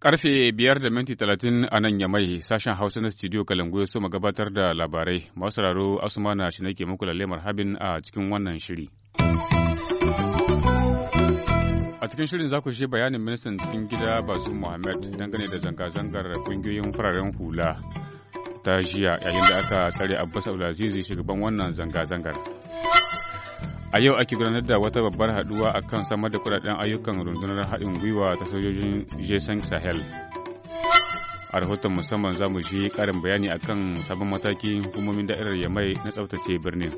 Karfe biyar da minti talatin a nan yamai sashen Hausa na studio Kalangu ya soma gabatar da labarai. Masu Asuma na shi nake muku lalle marhabin a cikin wannan shiri. A cikin shirin za ku shi bayanin ministan cikin gida Basu Muhammad dangane da zanga-zangar ƙungiyoyin fararen hula. ta jiya yayin da aka tsare abbas abdulaziz shugaban wannan zanga-zangar a yau ake gudanar da wata babbar haduwa akan samar da kudaden ayyukan rundunar haɗin gwiwa ta sojojin jason sahel a rahoton musamman za mu ji ƙarin bayani akan sabon matakin hukumomin da'irar yamai na tsaftace birnin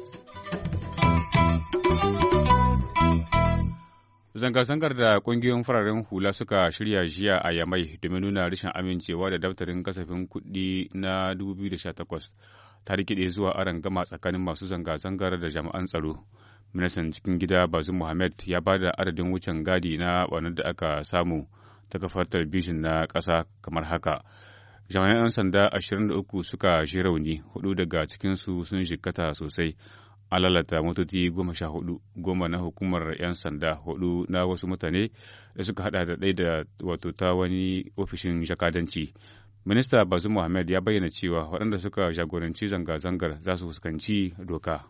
Zanga-zangar da kungiyoyin fararen hula suka shirya jiya a Yamai domin nuna rashin amincewa da daftarin kasafin kuɗi na 2018 ta rikide zuwa aron gama tsakanin masu zanga-zangar da jami'an tsaro. Ministan cikin gida bazu Muhammad ya ba da adadin wucin gadi na wani da aka samu ta kafar talabijin na kasa kamar haka. Jami'an sanda 23 suka shi rauni, hudu daga cikinsu sun jikkata sosai. an lalata motoci goma sha hudu goma na hukumar 'yan sanda hudu na wasu mutane da suka hada da ɗai da wato ta wani ofishin jakadanci minista bazu muhammad ya bayyana cewa waɗanda suka jagoranci zanga-zangar za su fuskanci doka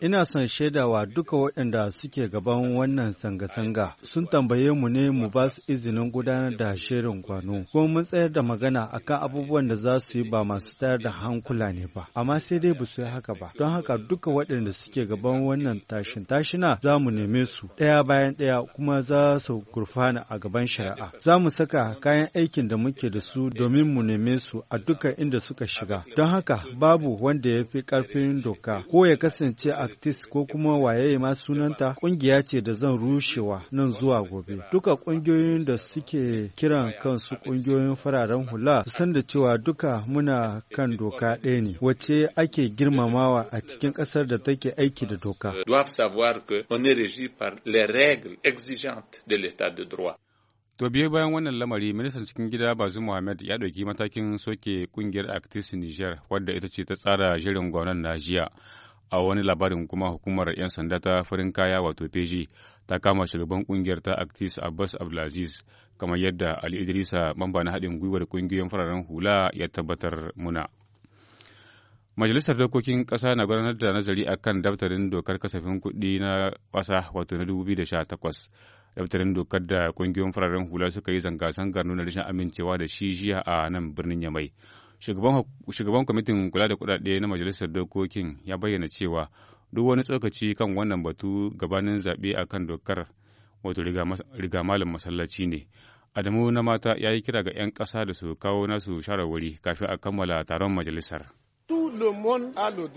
Ina son shaidawa duka waɗanda suke gaban wannan sanga-sanga sun tambaye mu ne mu ba su izinin gudanar da shirin kwano, kuma mun tsayar da magana akan abubuwan da za su yi ba masu tayar da hankula ne ba, amma sai dai ba su yi haka ba. Don haka duka waɗanda suke gaban wannan tashin tashina za mu neme su ɗaya bayan ɗaya kuma za su gurfana a gaban shari'a. Za mu saka kayan aikin da muke da su domin mu neme su a duka inda suka shiga. Don haka babu wanda ya fi ƙarfin doka ko ko ya kasance artist ko kuma waye ma sunanta kungiya ce da zan rushewa nan zuwa gobe duka kungiyoyin da suke kiran kansu kungiyoyin fararen hula san da cewa duka muna kan doka ɗaya ne wacce ake girmamawa a cikin ƙasar da take aiki da doka To biyu bayan wannan lamari ministan cikin gida Bazu Muhammad ya ɗauki matakin soke ƙungiyar Actis Niger wadda ita ce ta tsara jirin gwamnan Najiya. a wani labarin kuma hukumar 'yan sanda ta farin kaya wato peji ta kama shugaban kungiyar ta actis abbas abdulaziz kamar yadda ali idrisa mamba na haɗin gwiwar kungiyoyin fararen hula ya tabbatar muna majalisar dokokin kasa na gudanar da nazari a kan daftarin dokar kasafin kuɗi na ƙasa wato na 2018 daftarin dokar da kungiyoyin fararen hula suka yi zanga-zangar nuna rashin amincewa da shi jiya a nan birnin yamai Shugaban kwamitin kula da kudade na Majalisar Dokokin ya bayyana cewa duk wani tsokaci kan wannan batu gabanin zaɓe a kan dokar wato riga malam masallaci ne. Adamu na mata ya yi kira ga 'yan ƙasa da su kawo nasu wuri kafin a kammala taron majalisar.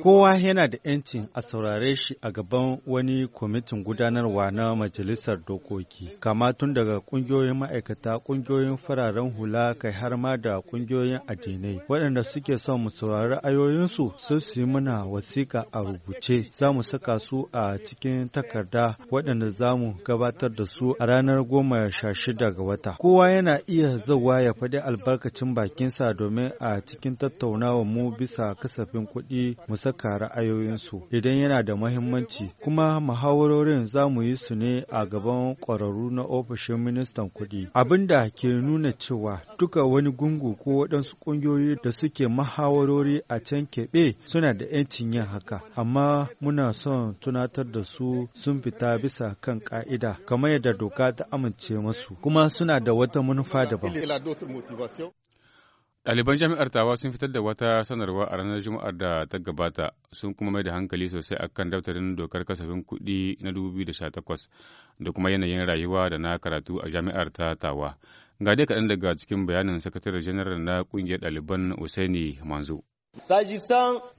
Kowa yana da 'yancin a saurare shi a gaban wani kwamitin gudanarwa na Majalisar Dokoki, kama tun daga ƙungiyoyin ma'aikata, ƙungiyoyin fararen hula kai har ma da ƙungiyoyin addinai. Waɗanda suke son mu saurari ayoyinsu sun su yi muna wasiƙa a rubuce, za mu saka su a cikin takarda waɗanda za mu gabatar da su a ranar goma sha shida ga wata. Kowa yana iya zawa ya faɗi albarkacin bakinsa domin a cikin tattaunawa mu bisa kasafin kasafin kuɗi mu saka ra'ayoyinsu idan yana da mahimmanci kuma muhawarorin za mu yi su ne a gaban ƙwararru na ofishin ministan kuɗi abin da ke nuna cewa duka wani gungu ko waɗansu ƙungiyoyi da suke muhawarori a can keɓe suna da 'yancin yin haka amma muna son tunatar da su sun fita bisa kan ƙa'ida kamar yadda doka ta amince masu kuma suna da wata manufa daban Ɗaliban jami'ar Tawa sun fitar da wata sanarwa a ranar Juma'ar da ta gabata sun kuma mai da hankali sosai a kan daftarin dokar kasafin kuɗi na 2018 da kuma yanayin rayuwa da na karatu a jami'ar ta Tawa. Ga dai kaɗan daga cikin bayanin sakataren janar na ƙungiyar ɗaliban Usaini Manzo.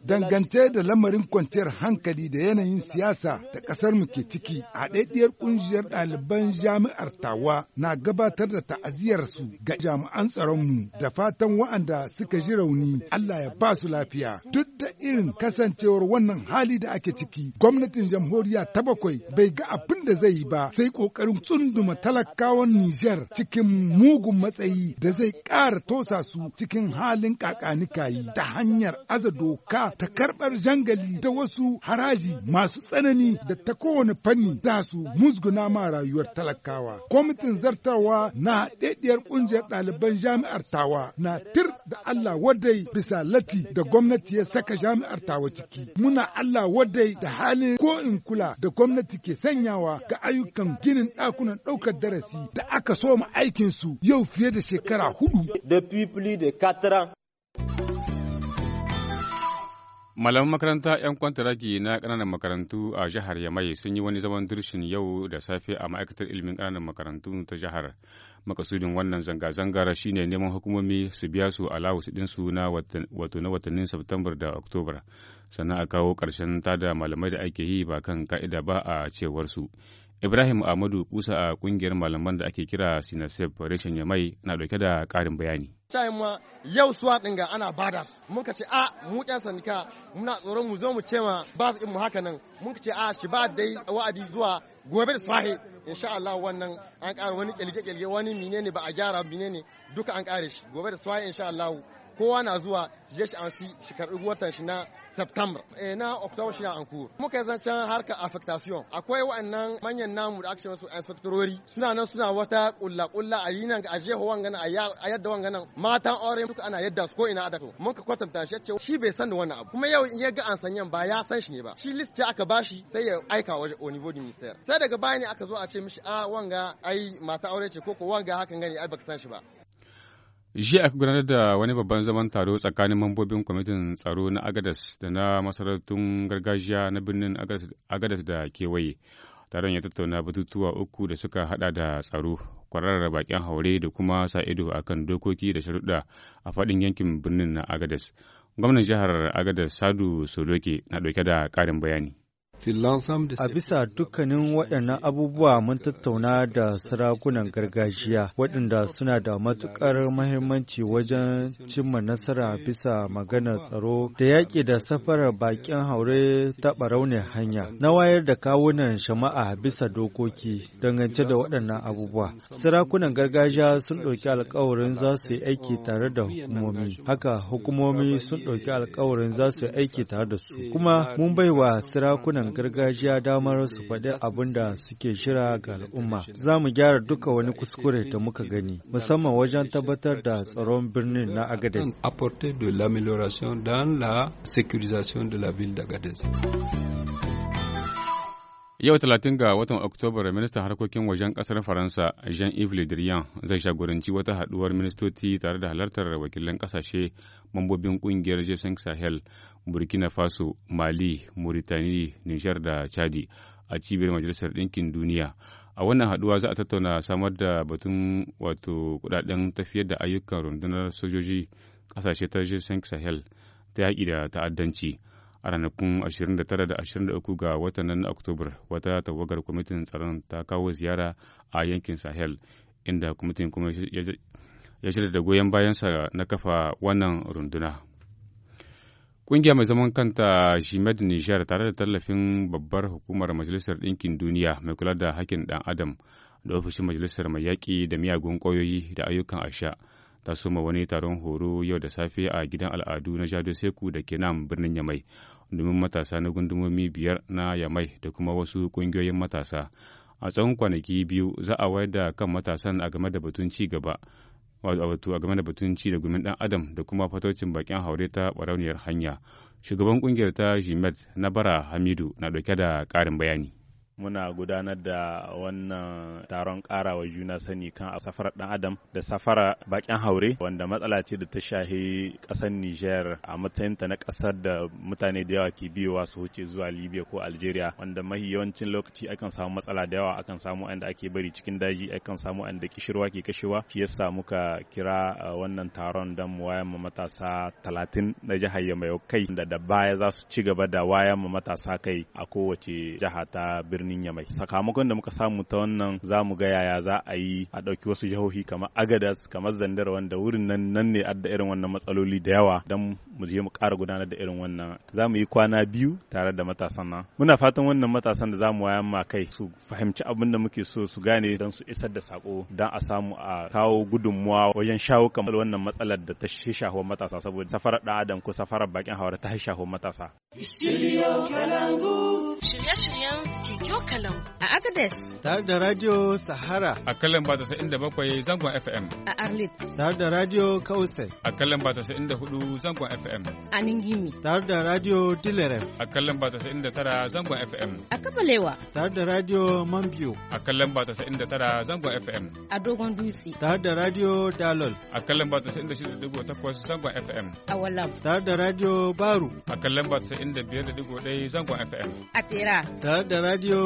Dangante da lamarin kwanciyar hankali da yanayin siyasa da ƙasar mu ke ciki, haɗaɗɗiyar ƙungiyar ɗaliban jami'ar Tawa na gabatar da ta'aziyar su ga jami'an tsaronmu da fatan wa'anda suka ji rauni Allah ya ba su lafiya. Duk da irin kasancewar wannan hali da ake ciki, gwamnatin jamhuriya ta bakwai bai ga abin da zai yi ba sai ƙoƙarin tsunduma talakawan Nijar cikin mugun matsayi da zai ƙara tosa su cikin halin kakanikayi ta hanya hanyar aza doka ta karbar jangali ta wasu haraji masu tsanani da ta kowane fanni za su musguna ma rayuwar talakawa. Kwamitin zartawa na ɗaiɗiyar ƙungiyar ɗaliban jami'ar tawa na tir da Allah wadai bisa lati da gwamnati ya saka jami'ar tawa ciki. Muna Allah wadai da halin ko in kula da gwamnati ke sanyawa ga ayyukan ginin ɗakunan ɗaukar darasi da aka soma aikinsu yau fiye da shekara hudu. Malaman makaranta 'yan kwantaragi na ƙananan makarantu a jihar Yamai sun yi wani zaman dirshin yau da safe a ma'aikatar ilimin ƙananan makarantu ta jihar. Makasudin wannan zanga-zangar ne neman hukumomi su biya su a alawus ɗinsu na wato na watannin Satumbar da Oktobar, sannan a kawo ƙarshen tada malamai da ake yi ba kan ka'ida ba a cewarsu. su. Ibrahim Ahmadu kusa a kungiyar malaman da ake kira Sinasef Reshen Yamai na dauke da karin bayani. Cayin ma yau suwa ɗin ga ana bada Mun ka a mu ƴan sanika muna tsoron mu zo mu ce ma ba su mu haka nan. Mun ka a shi ba dai wa'adi zuwa gobe da sahi. Insha Allah wannan an ƙara wani kelge kelge wani menene ba a gyara menene duka an ƙare shi. Gobe da sahi insha Allah kowa na zuwa jesh je an si shi karbi watan shi na September eh, na October shi na ankur muka zancen harka affectation akwai wa'annan manyan namu da aka su inspectorori suna nan suna wata kulla kulla a yinan a je hawan gana a yadda wan matan aure duka ana yadda su ko ina da mun ka kwatanta shi ce shi bai san da wannan abu kuma yau in ya ga an sanyan ba ya san shi ne ba shi list ce aka bashi sai ya aika waje au niveau du ministère sai daga baya ne aka zo a ce mishi a ah, wanga ai mata aure ce ko ko wanga hakan gani ai baka san shi ba Jiya aka gudanar da wani babban zaman taro tsakanin mambobin kwamitin tsaro na Agadas da na masarautun gargajiya na birnin Agadas da kewaye. Taron ya tattauna batutuwa uku da suka hada da tsaro, kwararar bakin haure da kuma sa ido akan dokoki da sharuɗa a faɗin yankin birnin na Agadas. Gwamnan jihar Agadas Sadu Soloke na ɗauke da ƙarin bayani. A bisa dukkanin waɗannan abubuwa mun tattauna da sarakunan gargajiya waɗanda suna da matuƙar mahimmanci wajen cimma nasara bisa maganar tsaro da yaƙi da safarar baƙin haure ta ɓaraunin hanya na wayar da kawunan shama'a bisa dokoki dangance da waɗannan abubuwa. Sarakunan gargajiya sun ɗauki alkawarin za su yi aiki tare da hukumomi, haka hukumomi sun ɗauki alkawarin za su yi aiki tare da su. Kuma mun baiwa sarakunan kan gargajiya damar su faɗi abin da suke shira ga al'umma. Za mu gyara duka wani kuskure da muka gani, musamman wajen tabbatar da tsaron birnin na Agadez. de l'amélioration dans la sécurisation de la Yau talatin ga watan Oktobar ministan harkokin wajen kasar Faransa Jean-Yves Le Drian zai shagoranci wata haduwar ministoci tare da halartar wakilan kasashe mambobin kungiyar Jason Sahel, Burkina Faso, Mali, Mauritania, Nijar da Chadi a cibiyar Majalisar Ɗinkin Duniya. A wannan haduwa za a tattauna samar da batun wato kudaden tafiyar da ayyukan rundunar sojoji kasashe ta Jason Sahel ta yaƙi da ta'addanci. a ranakun 29 da 23 ga watan nan oktobar wata tawagar kwamitin tsaron ta kawo ziyara a yankin sahel inda kwamitin kuma ya shirya da goyon sa na kafa wannan runduna kungiya mai zaman kanta shimed nijar tare da tallafin babbar hukumar majalisar ɗinkin duniya mai kula da hakkin ɗan adam da ofishin majalisar mai yaƙi da miyagun ƙwayoyi da ayyukan asha ta soma wani taron horo yau da safe a gidan al'adu na jado seku da ke nan birnin yamai domin matasa na gundumomi biyar na Yamai da kuma wasu ƙungiyoyin matasa. A tsawon kwanaki biyu za a wayar da kan matasan a game da batun ci gaba. wato a game da batun ci da gumin dan adam da kuma fatocin bakin haure ta barauniyar hanya shugaban kungiyar ta jimed na bara hamidu na dauke da karin bayani muna gudanar da wannan taron karawa juna sani kan a safarar ɗan adam da safara bakin haure wanda matsala ce da ta shahi kasar Niger a matsayinta na kasar da mutane da yawa ke biyowa su wuce zuwa Libya ko Algeria wanda mahi yawancin lokaci akan samu matsala da yawa akan samu wanda ake bari cikin daji akan samu wanda kishirwa ke kashewa shi yasa muka kira uh, wannan taron don mu wayan ma matasa talatin na jihar yamayo kai da da baya za su ci gaba da wayan ma matasa kai a kowace jiha ta birni. birnin Yamai. Sakamakon da muka samu ta wannan za mu ga yaya za a yi a ɗauki wasu jihohi kamar Agadas, kamar Zandar wanda wurin nan nan ne adda irin wannan matsaloli da yawa don mu je mu ƙara gudanar da irin wannan. Za mu yi kwana biyu tare da matasan nan. Muna fatan wannan matasan da za mu wayan ma kai su fahimci abin da muke so su gane don su isar da sako don a samu a kawo gudunmuwa wajen shawo kan wannan matsalar da ta shahuwa matasa saboda safarar ɗan adam ko safarar bakin hawa ta shahuwa matasa. Shirye-shiryen Studio A Agadez. Tare da Radio Sahara. A kalan ba inda bakwai zangon FM. A Arlit. Tare da Radio Kausai. A kalan ba inda hudu zangon FM. A Ningimi. Tare da Radio dileren. A kalan ba inda tara zangon FM. A Kabalewa. Tare da Radio Mambiyo. A kalan ba inda tara zangon FM. A Dogon Dutse. Tare da Radio Dalol. A kalan ba takwas zangon FM. A Walam. Tare da Radio Baru. A kalan ba 95.1 zangon FM. A Tera. Tare da Radio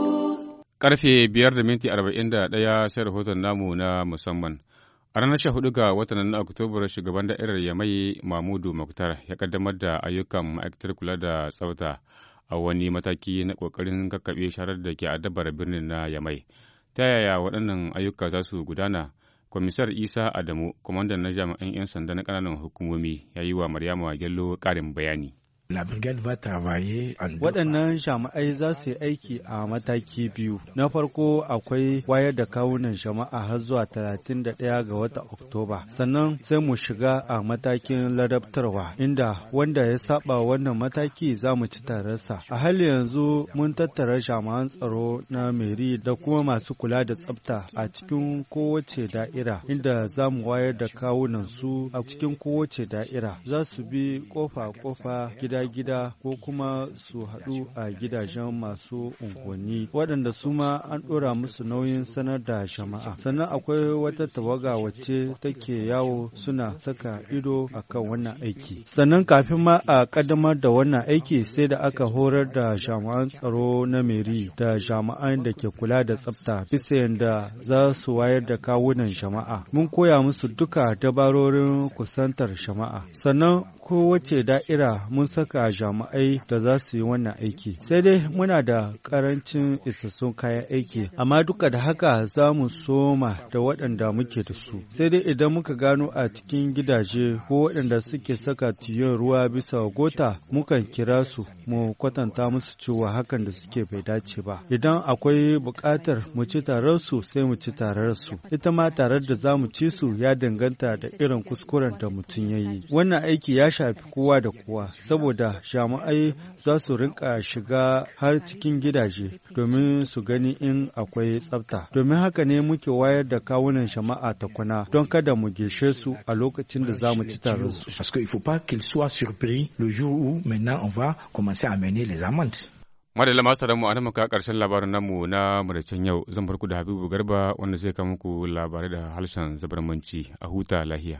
Karfe biyar da minti arba'in da ɗaya sai rahoton namu na musamman. A ranar sha hudu ga watan na shugaban da'irar mai Mamudu Muktar ya kaddamar da ayyukan ma'aikatar kula da tsafta a wani mataki na ƙoƙarin kakkaɓe sharar da ke addabar birnin na Yamai. Ta yaya waɗannan ayyuka za su gudana? Kwamisar Isa Adamu, kwamandan na jami'an 'yan sanda na ƙananan hukumomi, ya yi wa Maryama Gello ƙarin bayani. Waɗannan jama'ai za su yi aiki a mataki biyu. Na farko akwai wayar da kawunan jama'a har zuwa 31 ga watan Oktoba. Sannan sai mu shiga a matakin ladabtarwa inda wanda ya saba wannan mataki za mu ci tararsa. A hali yanzu mun tattara shama'an tsaro na meri da kuma masu kula da tsafta a cikin kowace da'ira inda za mu wayar da kawunan su a cikin kowace da'ira za su bi kofa-kofa gida gida ko kuma su haɗu a gidajen masu unguwanni waɗanda su ma an ɗora musu nauyin sanar da jama'a sannan akwai wata tawaga wacce take yawo suna saka ido akan wannan aiki sannan kafin ma a ƙaddamar da wannan aiki sai da aka horar da jami'an tsaro na meri da jama'an da ke kula da tsafta bisa yadda za su wayar da kawunan jama'a mun koya musu duka dabarorin kusantar jama'a sannan kowace da'ira mun saka jami'ai da za su yi wannan aiki. Sai dai muna da karancin isassun kayan aiki, amma duka da haka za mu soma da waɗanda muke da su. Sai dai idan muka gano a cikin gidaje ko waɗanda suke saka tiyon ruwa bisa gota, mukan kira su mu kwatanta musu cewa hakan da suke bai dace ba. Idan akwai buƙatar mu ci tarar su sai mu ci tarar su. Ita ma tarar da za mu ci su ya danganta da irin kuskuren da mutum ya yi. Wannan aiki ya shafi kowa da kowa saboda jami'ai za su rinka shiga har cikin gidaje domin su gani in akwai tsafta domin haka ne muke wayar da kawunan jama'a ta kuna don kada mu geshe su a lokacin da za mu ci tare su madalla masu taron mu a muka karshen labarin namu na maraicen yau zan farko da habibu garba wanda zai kama muku labarai da harshen zabarmanci a huta lahiya.